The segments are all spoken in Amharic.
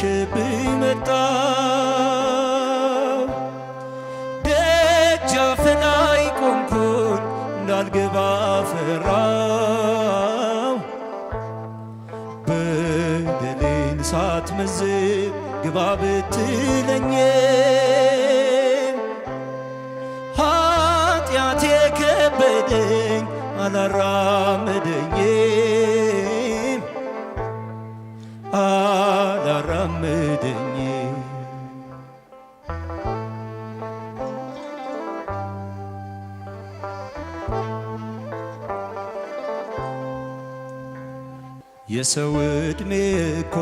ጥለሽብኝ መጣ ደጃፍ ላይ ቆምኩኝ እንዳልገባ ፈራው በደሌን ሳትመዝን ግባ ብትለኝ ኃጢአት ከበደኝ አላራ የሰው እድሜ እኮ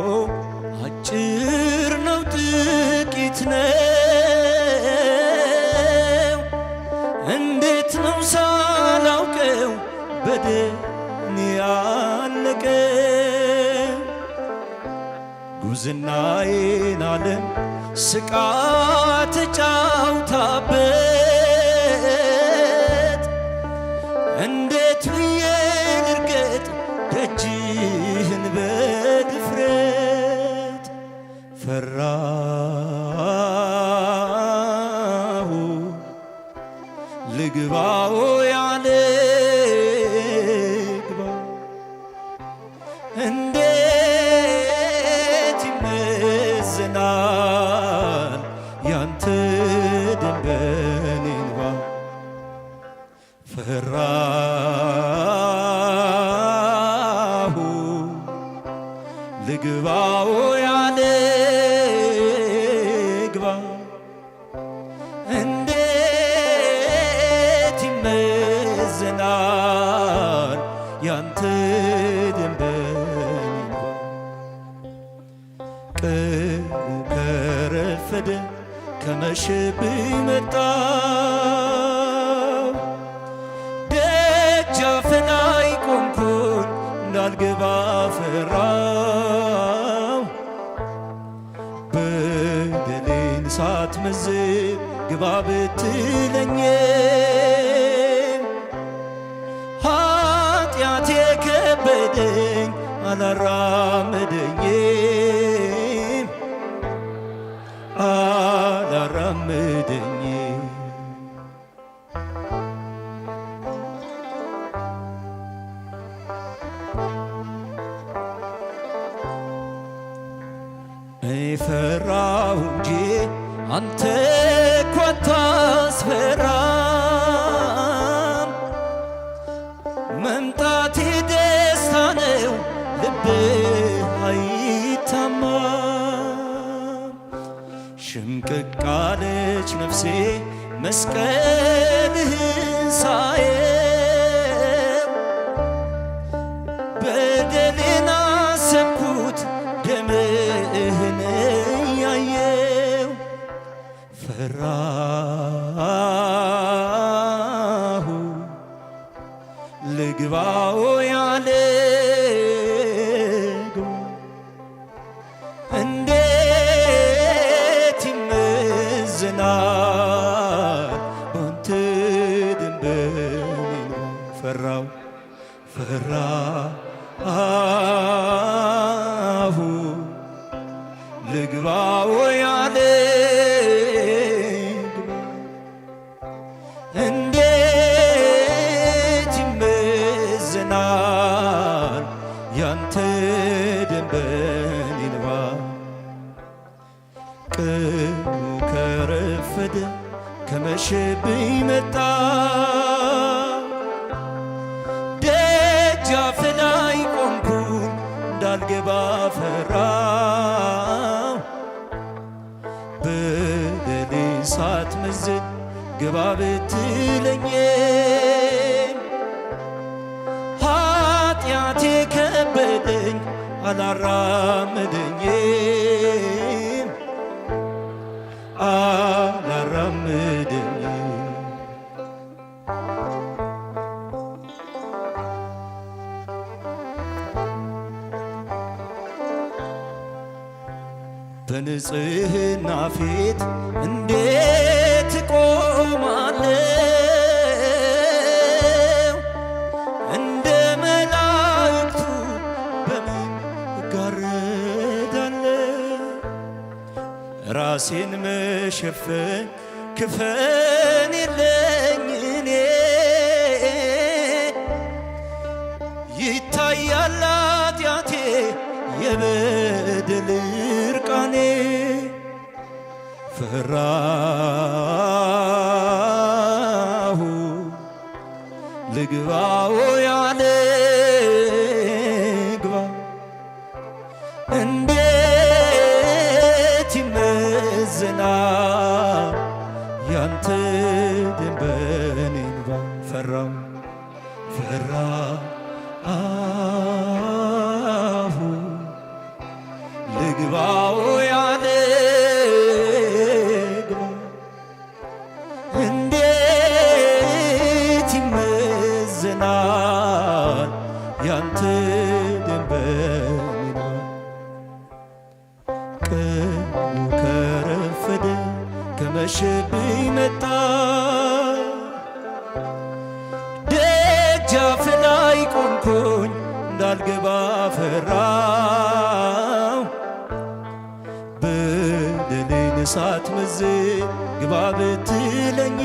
አጭር ነው ጥቂት ነው። እንዴት ነው ሳላውቀው በደን ያለቀ ጉዝናዬን ዓለም ስቃ ተጫውታበት እንዴት ብዬ ልርገጥ ደጅህን በድፍረት ፈራሁ ልግባው ልግባው ያለ ግባ እንዴት ይመዝናል ያንተ ደንበል ቀኑ ከረፈደ ከመሸብ መጣ ደጃፍ ላይ ቆምኩኝ እንዳልገባ ፈራ ሳትመዝን ግባ ብትለኝ ኃጢአቴ ከበደኝ አላራመደኝም አላራመደኝም ፈራሁ እንጂ አንተ እኮ አታስፈራም፣ መምጣት ደስታ ነው፣ ልብ አይታማም። ሽምቅቅ አለች ነፍሴ መስቀልህን ሳየ ፈራሁ ልግባው ያለ እንዴት ይመዘናል ባንተ ድንበር ፈራሁ ፈራ አንተ ደም በእኔ እንባ ቀኑ ከረፈደ ከመሸብኝ መጣ ደጃፍ ላይ ቆምኩኝ እንዳልገባ ፈራሁ በደሌ ሳትመዝን ግባ ብትለኝ ኃጢአቴ አላራምደኝም አላራምደኝም በንጽህና ፊት እንዴት ቆማለሁ እንደ መላእክቱ በምን ትጋረዳለህ። ራሴን መሸፈን ክፈን የለኝ እኔ ይታያል ኃጢአቴ የበደል እርቃኔ ፈራሁ ልግባው ያለ until ከመሸብኝ መጣ ደጃፍ ላይ ቆምኩኝ እንዳልገባ ፈራው በደሌን እሳት መዝን ግባ ብትለኝ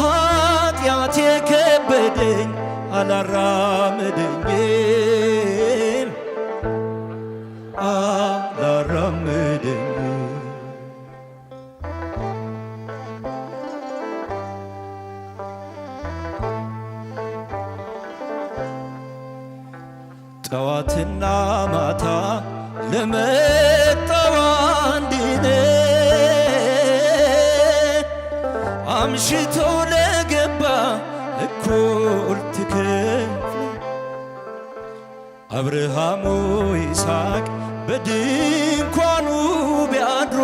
ኃጢአት የከበደኝ አላራመደኝም ጠዋትና ማታ ለመጣው አንድነ አምሽቶ ለገባ እኩል ትከፍለ አብርሃሙ ይስሐቅ በድንኳኑ ቢያድሮ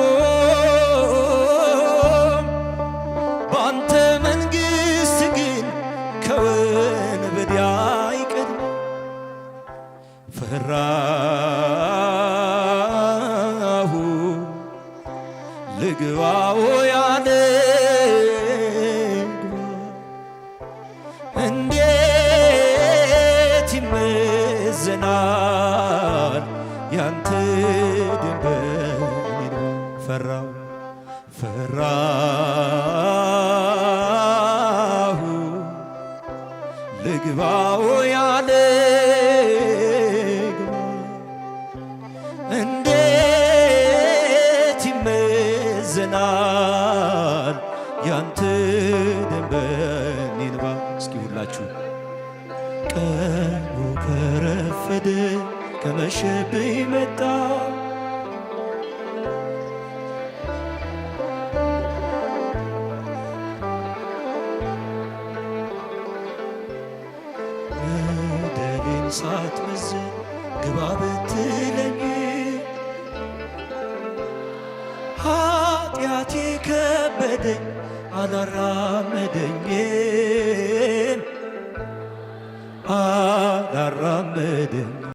እንዴት ይመዘናል ያንተ ድንበር ፈራው ፈራሁ ልግባው ያለ ቀኑ ከረፈደ ከመሸብህ መጣ በደሌን ሳትመዝን ግባ ብትለኝ ኃጢአቴ ከበደኝ አላራመደኝም አላራመድም